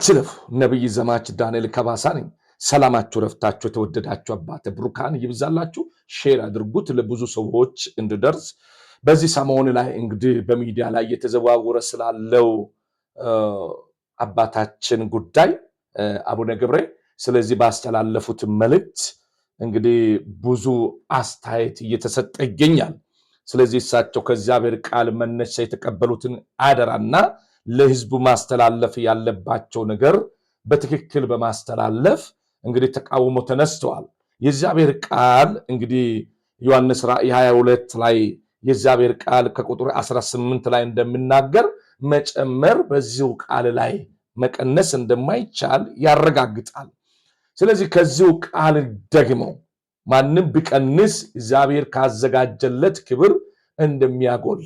አችልፍ ነብይ ዘማች ዳንኤል ከባሳ ነኝ። ሰላማችሁ ረፍታችሁ የተወደዳችሁ አባት ብሩካን ይብዛላችሁ። ሼር አድርጉት ለብዙ ሰዎች እንድደርስ። በዚህ ሰሞን ላይ እንግዲህ በሚዲያ ላይ እየተዘዋወረ ስላለው አባታችን ጉዳይ አቡነ ገብሬ ስለዚህ ባስተላለፉት መልእክት እንግዲህ ብዙ አስተያየት እየተሰጠ ይገኛል። ስለዚህ እሳቸው ከእግዚአብሔር ቃል መነሻ የተቀበሉትን አደራና ለህዝቡ ማስተላለፍ ያለባቸው ነገር በትክክል በማስተላለፍ እንግዲህ ተቃውሞ ተነስተዋል። የእግዚአብሔር ቃል እንግዲህ ዮሐንስ ራእይ 22 ላይ የእግዚአብሔር ቃል ከቁጥር 18 ላይ እንደሚናገር መጨመር በዚሁ ቃል ላይ መቀነስ እንደማይቻል ያረጋግጣል። ስለዚህ ከዚሁ ቃል ደግሞ ማንም ቢቀንስ እግዚአብሔር ካዘጋጀለት ክብር እንደሚያጎል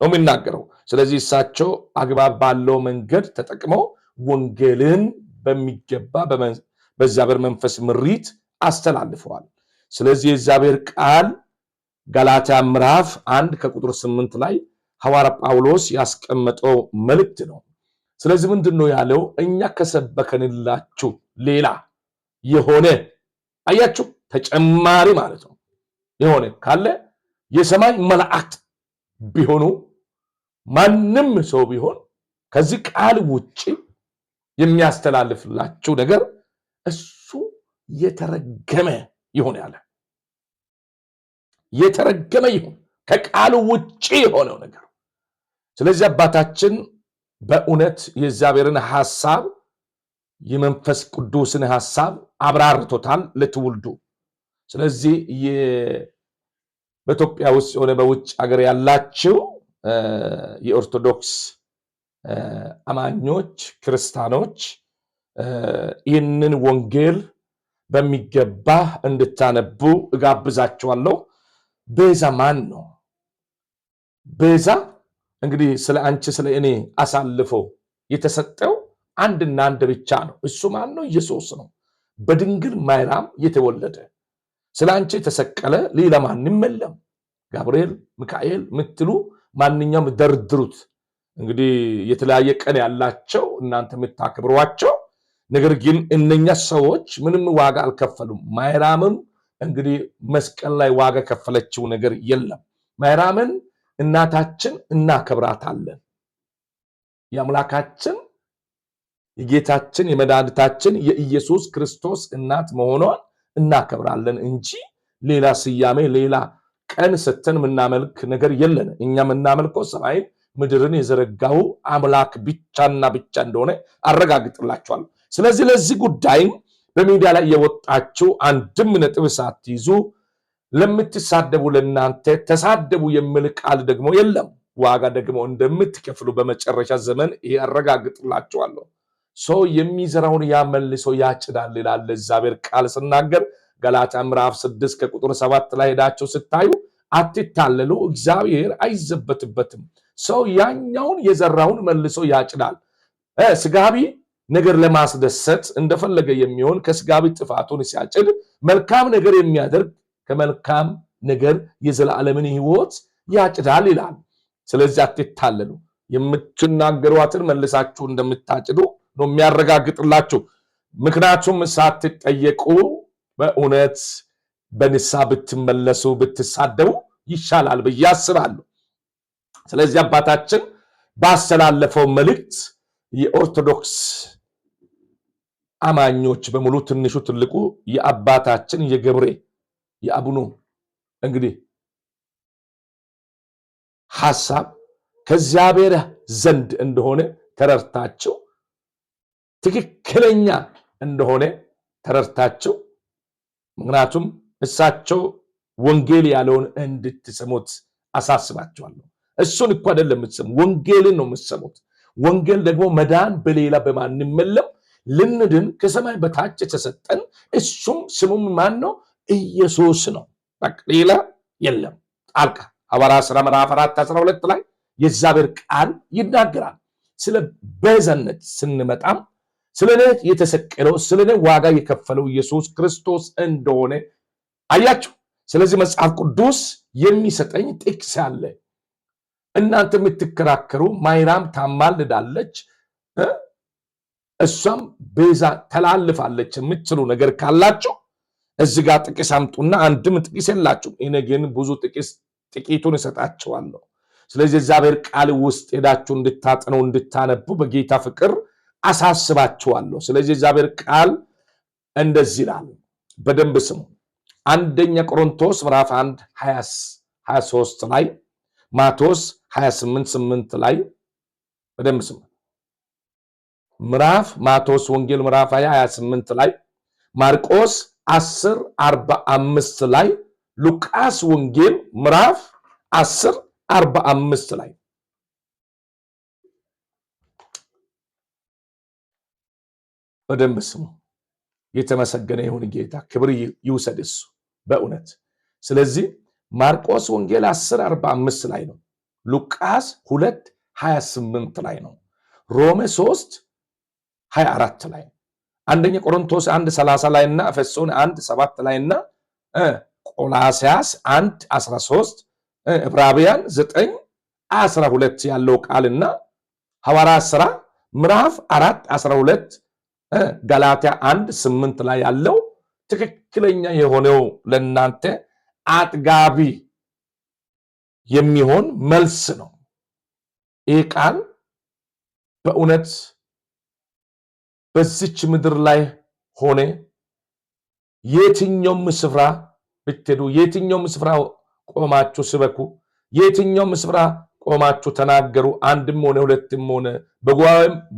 ነው የሚናገረው። ስለዚህ እሳቸው አግባብ ባለው መንገድ ተጠቅመው ወንጌልን በሚገባ በእግዚአብሔር መንፈስ ምሪት አስተላልፈዋል። ስለዚህ የእግዚአብሔር ቃል ጋላትያ ምዕራፍ አንድ ከቁጥር ስምንት ላይ ሐዋርያ ጳውሎስ ያስቀመጠው መልእክት ነው። ስለዚህ ምንድን ነው ያለው? እኛ ከሰበከንላችሁ ሌላ የሆነ አያችሁ፣ ተጨማሪ ማለት ነው የሆነ ካለ የሰማይ መላእክት ቢሆኑ ማንም ሰው ቢሆን ከዚህ ቃል ውጭ የሚያስተላልፍላችሁ ነገር እሱ የተረገመ ይሁን ያለ የተረገመ ይሁን ከቃሉ ውጭ የሆነው ነገር። ስለዚህ አባታችን በእውነት የእግዚአብሔርን ሐሳብ የመንፈስ ቅዱስን ሐሳብ አብራርቶታል ለትውልዱ። ስለዚህ በኢትዮጵያ ውስጥ የሆነ በውጭ ሀገር ያላችሁ የኦርቶዶክስ አማኞች ክርስቲያኖች ይህንን ወንጌል በሚገባ እንድታነቡ እጋብዛችኋለሁ። ቤዛ ማን ነው? ቤዛ እንግዲህ ስለ አንቺ ስለ እኔ አሳልፎ የተሰጠው አንድና አንድ ብቻ ነው። እሱ ማን ነው? ኢየሱስ ነው፣ በድንግል ማርያም የተወለደ ስለ አንቺ የተሰቀለ ሌላ ማንም የለም። ጋብርኤል፣ ሚካኤል ምትሉ ማንኛውም ደርድሩት። እንግዲህ የተለያየ ቀን ያላቸው እናንተ የምታክብሯቸው ነገር ግን እነኛ ሰዎች ምንም ዋጋ አልከፈሉም። ማይራምም እንግዲህ መስቀል ላይ ዋጋ ከፈለችው ነገር የለም። ማይራምን እናታችን እናከብራታለን። የአምላካችን የጌታችን የመድኃኒታችን የኢየሱስ ክርስቶስ እናት መሆኗን እናከብራለን እንጂ ሌላ ስያሜ ሌላ ቀን ሰተን የምናመልክ ነገር የለን። እኛ የምናመልከው ሰማይን ምድርን የዘረጋው አምላክ ብቻና ብቻ እንደሆነ አረጋግጥላቸዋለሁ። ስለዚህ ለዚህ ጉዳይም በሚዲያ ላይ የወጣችው አንድም ነጥብ ሳትይዙ ለምትሳደቡ ለእናንተ ተሳደቡ የሚል ቃል ደግሞ የለም። ዋጋ ደግሞ እንደምትከፍሉ በመጨረሻ ዘመን ያረጋግጥላቸዋለሁ። ሰው የሚዘራውን ያመልሶ ያጭዳል ይላል እግዚአብሔር ቃል ስናገር ገላትያ ምዕራፍ ስድስት ከቁጥር ሰባት ላይ ሄዳችሁ ስታዩ አትታለሉ፣ እግዚአብሔር አይዘበትበትም። ሰው ያኛውን የዘራውን መልሶ ያጭዳል። ስጋቢ ነገር ለማስደሰት እንደፈለገ የሚሆን ከስጋቢ ጥፋቱን ሲያጭድ፣ መልካም ነገር የሚያደርግ ከመልካም ነገር የዘላለምን ሕይወት ያጭዳል ይላል። ስለዚህ አትታለሉ፣ የምትናገሯትን መልሳችሁ እንደምታጭዱ ነው የሚያረጋግጥላችሁ። ምክንያቱም ሳትጠየቁ በእውነት በንሳ ብትመለሱ ብትሳደቡ ይሻላል ብዬ አስባለሁ። ስለዚህ አባታችን ባስተላለፈው መልእክት የኦርቶዶክስ አማኞች በሙሉ ትንሹ ትልቁ የአባታችን የገብሬ የአቡኑ እንግዲህ ሀሳብ ከእግዚአብሔር ዘንድ እንደሆነ ተረድታችሁ ትክክለኛ እንደሆነ ተረድታችሁ ምክንያቱም እሳቸው ወንጌል ያለውን እንድትሰሙት አሳስባቸዋለሁ። እሱን እኮ አይደለም የምትሰሙ፣ ወንጌልን ነው የምትሰሙት። ወንጌል ደግሞ መዳን በሌላ በማንም የለም። ልንድን ከሰማይ በታች የተሰጠን እሱም ስሙም ማን ነው? ኢየሱስ ነው። በቃ ሌላ የለም። ጣልቃ ሐዋርያት ሥራ ምዕራፍ አራት አስራ ሁለት ላይ የእግዚአብሔር ቃል ይናገራል። ስለ ቤዛነት ስንመጣም ስለ እኔ የተሰቀለው ስለ እኔ ዋጋ የከፈለው ኢየሱስ ክርስቶስ እንደሆነ አያችሁ። ስለዚህ መጽሐፍ ቅዱስ የሚሰጠኝ ጥቅስ አለ። እናንተ የምትከራከሩ ማይራም ታማልዳለች፣ እሷም ቤዛ ተላልፋለች የምትሉ ነገር ካላችሁ እዚ ጋር ጥቅስ አምጡና አንድም ጥቅስ የላችሁም። እኔ ግን ብዙ ጥቅስ ጥቂቱን እሰጣችኋለሁ። ስለዚህ እግዚአብሔር ቃል ውስጥ ሄዳችሁ እንድታጥነው እንድታነቡ በጌታ ፍቅር አሳስባችኋለሁ። ስለዚህ እግዚአብሔር ቃል እንደዚህ ይላል፣ በደንብ ስሙ። አንደኛ ቆሮንቶስ ምዕራፍ 1 23 ላይ ማቴዎስ 28 8 ላይ በደንብ ስሙ። ምዕራፍ ማቴዎስ ወንጌል ምዕራፍ 20 28 ላይ ማርቆስ 10 45 ላይ ሉቃስ ወንጌል ምዕራፍ 10 45 ላይ በደንብ ስሙ። የተመሰገነ ይሁን ጌታ፣ ክብር ይውሰድ እሱ በእውነት። ስለዚህ ማርቆስ ወንጌል 10 45 ላይ ነው። ሉቃስ 2 28 ላይ ነው። ሮሜ 3 24 ላይ አንደኛ ቆሮንቶስ 1 30 ላይ እና ኤፌሶን 1 7 ላይ እና ቆላሲያስ 1 13 ዕብራውያን 9 12 ያለው ቃልና ሐዋርያ ሥራ ምዕራፍ 4 12 ጋላትያ አንድ ስምንት ላይ ያለው ትክክለኛ የሆነው ለእናንተ አጥጋቢ የሚሆን መልስ ነው። ይህ ቃል በእውነት በዚች ምድር ላይ ሆነ የትኛውም ስፍራ ብትሄዱ፣ የትኛውም ስፍራ ቆማችሁ ስበኩ፣ የትኛውም ስፍራ ቆማችሁ ተናገሩ። አንድም ሆነ ሁለትም ሆነ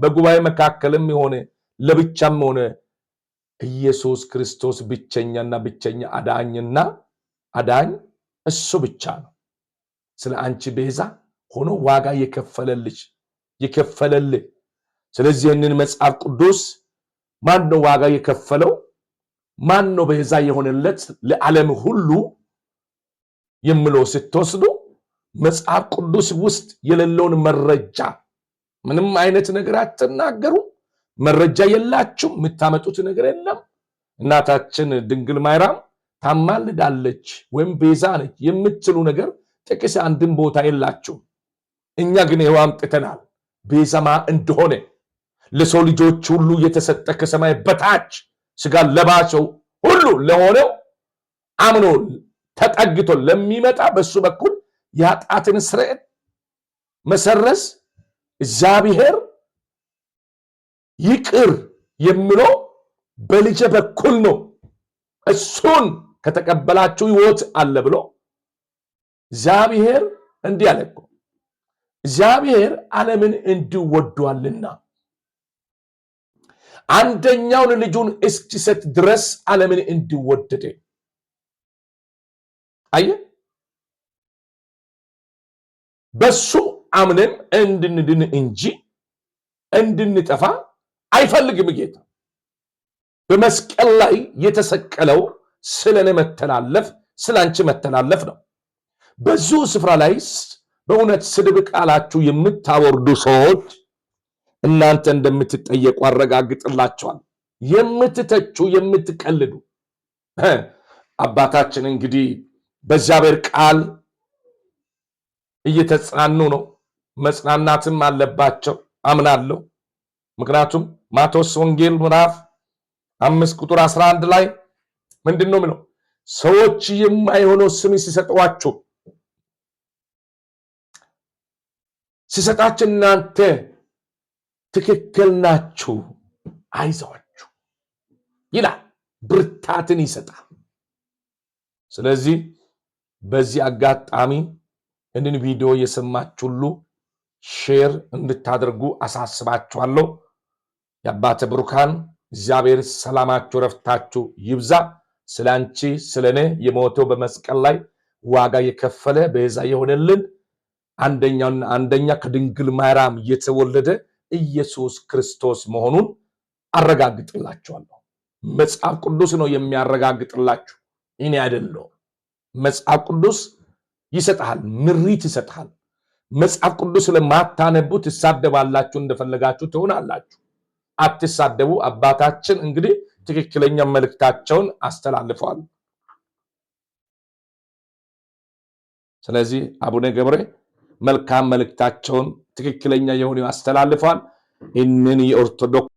በጉባኤ መካከልም ሆነ ለብቻም ሆነ ኢየሱስ ክርስቶስ ብቸኛና ብቸኛ አዳኝና አዳኝ እሱ ብቻ ነው። ስለ አንቺ ቤዛ ሆኖ ዋጋ የከፈለልሽ የከፈለልህ። ስለዚህ ይህንን መጽሐፍ ቅዱስ ማን ነው ዋጋ የከፈለው? ማን ነው ቤዛ የሆነለት ለዓለም ሁሉ የምለው ስትወስዱ መጽሐፍ ቅዱስ ውስጥ የሌለውን መረጃ ምንም አይነት ነገር አትናገሩ። መረጃ የላችሁም፣ የምታመጡት ነገር የለም። እናታችን ድንግል ማርያም ታማልዳለች ወይም ቤዛ ነች የምትሉ ነገር ጥቅስ አንድም ቦታ የላችሁም። እኛ ግን ይኸው አምጥተናል ቤዛማ እንደሆነ ለሰው ልጆች ሁሉ የተሰጠ ከሰማይ በታች ስጋ ለባሰው ሁሉ ለሆነው አምኖ ተጠግቶ ለሚመጣ በሱ በኩል የኃጢአትን ስርየት መሰረዝ እግዚአብሔር ይቅር የምለው በልጄ በኩል ነው፣ እሱን ከተቀበላችሁ ሕይወት አለ ብሎ እግዚአብሔር እንዲህ አለ እኮ እግዚአብሔር ዓለምን እንዲወዷልና አንደኛውን ልጁን እስኪሰጥ ድረስ ዓለምን እንዲወደደ። አየ በሱ አምነን እንድንድን እንጂ እንድንጠፋ አይፈልግም። ጌታ በመስቀል ላይ የተሰቀለው ስለ እኔ መተላለፍ፣ ስለ አንቺ መተላለፍ ነው። በዙ ስፍራ ላይ በእውነት ስድብ ቃላችሁ የምታወርዱ ሰዎች እናንተ እንደምትጠየቁ አረጋግጥላቸዋል። የምትተቹ የምትቀልዱ አባታችን እንግዲህ በእግዚአብሔር ቃል እየተጽናኑ ነው። መጽናናትም አለባቸው አምናለሁ። ምክንያቱም ማቴዎስ ወንጌል ምዕራፍ አምስት ቁጥር 11 ላይ ምንድን ነው የሚለው? ሰዎች የማይሆነው ስም ሲሰጠዋችሁ ሲሰጣችሁ እናንተ ትክክል ናችሁ፣ አይዘዋችሁ ይላል። ብርታትን ይሰጣል። ስለዚህ በዚህ አጋጣሚ ይህንን ቪዲዮ የሰማችሁ ሁሉ ሼር እንድታደርጉ አሳስባችኋለሁ። የአባተ ብሩካን እግዚአብሔር ሰላማችሁ፣ ረፍታችሁ ይብዛ። ስለ አንቺ ስለ እኔ የሞተው በመስቀል ላይ ዋጋ የከፈለ ቤዛ የሆነልን አንደኛውና አንደኛ ከድንግል ማርያም የተወለደ ኢየሱስ ክርስቶስ መሆኑን አረጋግጥላችኋለሁ። መጽሐፍ ቅዱስ ነው የሚያረጋግጥላችሁ፣ እኔ አይደለሁም። መጽሐፍ ቅዱስ ይሰጥሃል፣ ምሪት ይሰጥሃል። መጽሐፍ ቅዱስ ስለማታነቡ ትሳደባላችሁ፣ እንደፈለጋችሁ ትሆናላችሁ። አትሳደቡ። አባታችን እንግዲህ ትክክለኛ መልእክታቸውን አስተላልፈዋል። ስለዚህ አቡነ ገብረ መልካም መልእክታቸውን ትክክለኛ የሆነ አስተላልፈዋል። ይህንን የኦርቶዶክስ